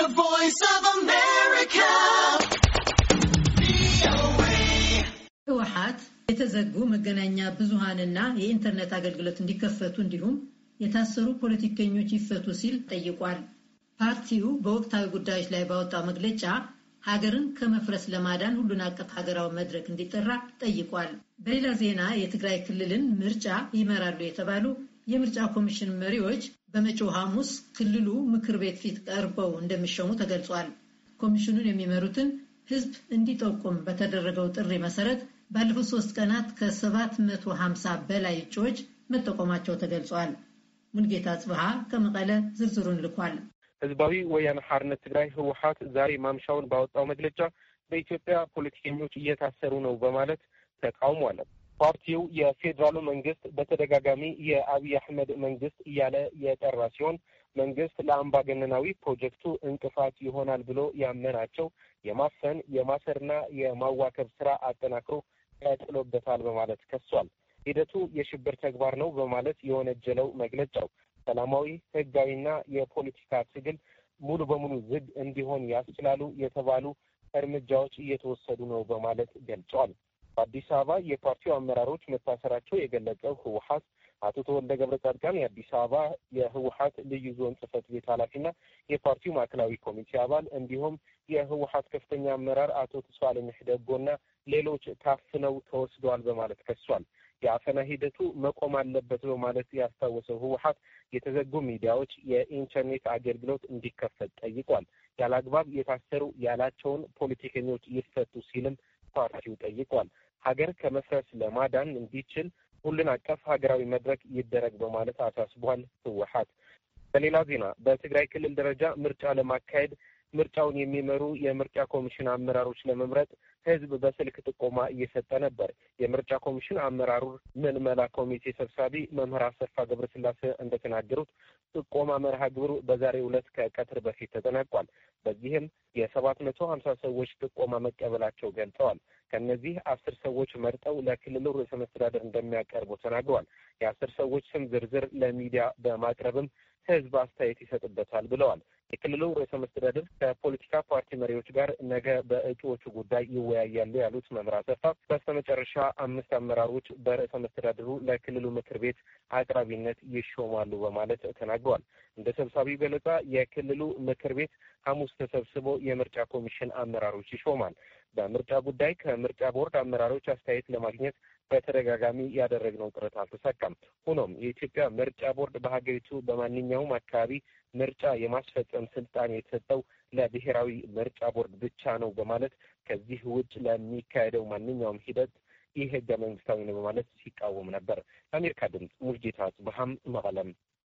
The Voice of America. ህወሓት የተዘጉ መገናኛ ብዙሃንና የኢንተርኔት አገልግሎት እንዲከፈቱ እንዲሁም የታሰሩ ፖለቲከኞች ይፈቱ ሲል ጠይቋል። ፓርቲው በወቅታዊ ጉዳዮች ላይ ባወጣው መግለጫ ሀገርን ከመፍረስ ለማዳን ሁሉን አቀፍ ሀገራዊ መድረክ እንዲጠራ ጠይቋል። በሌላ ዜና የትግራይ ክልልን ምርጫ ይመራሉ የተባሉ የምርጫ ኮሚሽን መሪዎች በመጪው ሐሙስ ክልሉ ምክር ቤት ፊት ቀርበው እንደሚሾሙ ተገልጿል። ኮሚሽኑን የሚመሩትን ህዝብ እንዲጠቁም በተደረገው ጥሪ መሰረት ባለፉት ሶስት ቀናት ከ750 በላይ እጩዎች መጠቆማቸው ተገልጿል። ሙልጌታ ጽብሃ ከመቀለ ዝርዝሩን ልኳል። ህዝባዊ ወያነ ሀርነት ትግራይ ህወሓት ዛሬ ማምሻውን ባወጣው መግለጫ በኢትዮጵያ ፖለቲከኞች እየታሰሩ ነው በማለት ተቃውሟል። ፓርቲው የፌዴራሉ መንግስት በተደጋጋሚ የአብይ አህመድ መንግስት እያለ የጠራ ሲሆን መንግስት ለአምባገነናዊ ፕሮጀክቱ እንቅፋት ይሆናል ብሎ ያመናቸው የማፈን የማሰርና የማዋከብ ስራ አጠናክሮ ተጥሎበታል በማለት ከሷል። ሂደቱ የሽብር ተግባር ነው በማለት የወነጀለው መግለጫው ሰላማዊ ህጋዊና የፖለቲካ ትግል ሙሉ በሙሉ ዝግ እንዲሆን ያስችላሉ የተባሉ እርምጃዎች እየተወሰዱ ነው በማለት ገልጿል። በአዲስ አበባ የፓርቲው አመራሮች መታሰራቸው የገለጸው ህወሀት አቶ ተወልደ ገብረ ጻድቃን የአዲስ አበባ የህወሀት ልዩ ዞን ጽህፈት ቤት ኃላፊና የፓርቲው ማዕከላዊ ኮሚቴ አባል እንዲሁም የህወሀት ከፍተኛ አመራር አቶ ተስፋአለምሽ ደጎና ሌሎች ታፍነው ተወስደዋል በማለት ከሷል። የአፈና ሂደቱ መቆም አለበት በማለት ያስታወሰው ህወሀት የተዘጉ ሚዲያዎች፣ የኢንተርኔት አገልግሎት እንዲከፈት ጠይቋል። ያለ አግባብ የታሰሩ ያላቸውን ፖለቲከኞች ይፈቱ ሲልም ፓርቲው ጠይቋል። ሀገር ከመፍረስ ለማዳን እንዲችል ሁሉን አቀፍ ሀገራዊ መድረክ ይደረግ በማለት አሳስቧል። ህወሀት። በሌላ ዜና በትግራይ ክልል ደረጃ ምርጫ ለማካሄድ ምርጫውን የሚመሩ የምርጫ ኮሚሽን አመራሮች ለመምረጥ ህዝብ በስልክ ጥቆማ እየሰጠ ነበር። የምርጫ ኮሚሽን አመራሩ ምልመላ ኮሚቴ ሰብሳቢ መምህር አሰፋ ገብረስላሴ እንደተናገሩት ጥቆማ መርሃ ግብሩ በዛሬ ዕለት ከቀትር በፊት ተጠናቋል። በዚህም የሰባት መቶ ሀምሳ ሰዎች ጥቆማ መቀበላቸው ገልጸዋል። ከእነዚህ አስር ሰዎች መርጠው ለክልሉ ርዕሰ መስተዳደር እንደሚያቀርቡ ተናግረዋል። የአስር ሰዎች ስም ዝርዝር ለሚዲያ በማቅረብም ህዝብ አስተያየት ይሰጥበታል ብለዋል። የክልሉ ርዕሰ መስተዳድር ከፖለቲካ ፓርቲ መሪዎች ጋር ነገ በእጩዎቹ ጉዳይ ይወያያሉ ያሉት መምራ ሰፋ በስተመጨረሻ አምስት አመራሮች በርዕሰ መስተዳድሩ ለክልሉ ምክር ቤት አቅራቢነት ይሾማሉ በማለት ተናግረዋል። እንደ ሰብሳቢ ገለጻ የክልሉ ምክር ቤት ሐሙስ ተሰብስቦ የምርጫ ኮሚሽን አመራሮች ይሾማል። በምርጫ ጉዳይ ከምርጫ ቦርድ አመራሮች አስተያየት ለማግኘት በተደጋጋሚ ያደረግነው ጥረት አልተሳካም። ሆኖም የኢትዮጵያ ምርጫ ቦርድ በሀገሪቱ በማንኛውም አካባቢ ምርጫ የማስፈጸም ስልጣን የተሰጠው ለብሔራዊ ምርጫ ቦርድ ብቻ ነው በማለት ከዚህ ውጭ ለሚካሄደው ማንኛውም ሂደት ይህ ህገ መንግስታዊ ነው በማለት ሲቃወም ነበር። ለአሜሪካ ድምፅ ሙልጌታ ጽብሃም መቀለም